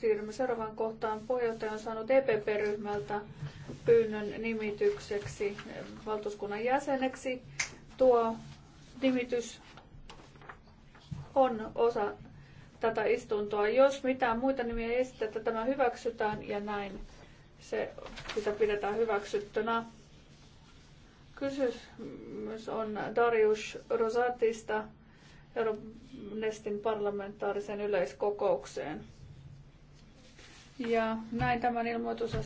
siirrymme seuraavaan kohtaan. Puheenjohtaja on saanut EPP-ryhmältä pyynnön nimitykseksi valtuuskunnan jäseneksi. Tuo nimitys on osa tätä istuntoa. Jos mitään muita nimiä ei esitetä, tämä hyväksytään ja näin se, sitä pidetään hyväksyttynä. Kysymys on Darius Rosatista Euronestin parlamentaarisen yleiskokoukseen. Ja näin tämän ilmoitus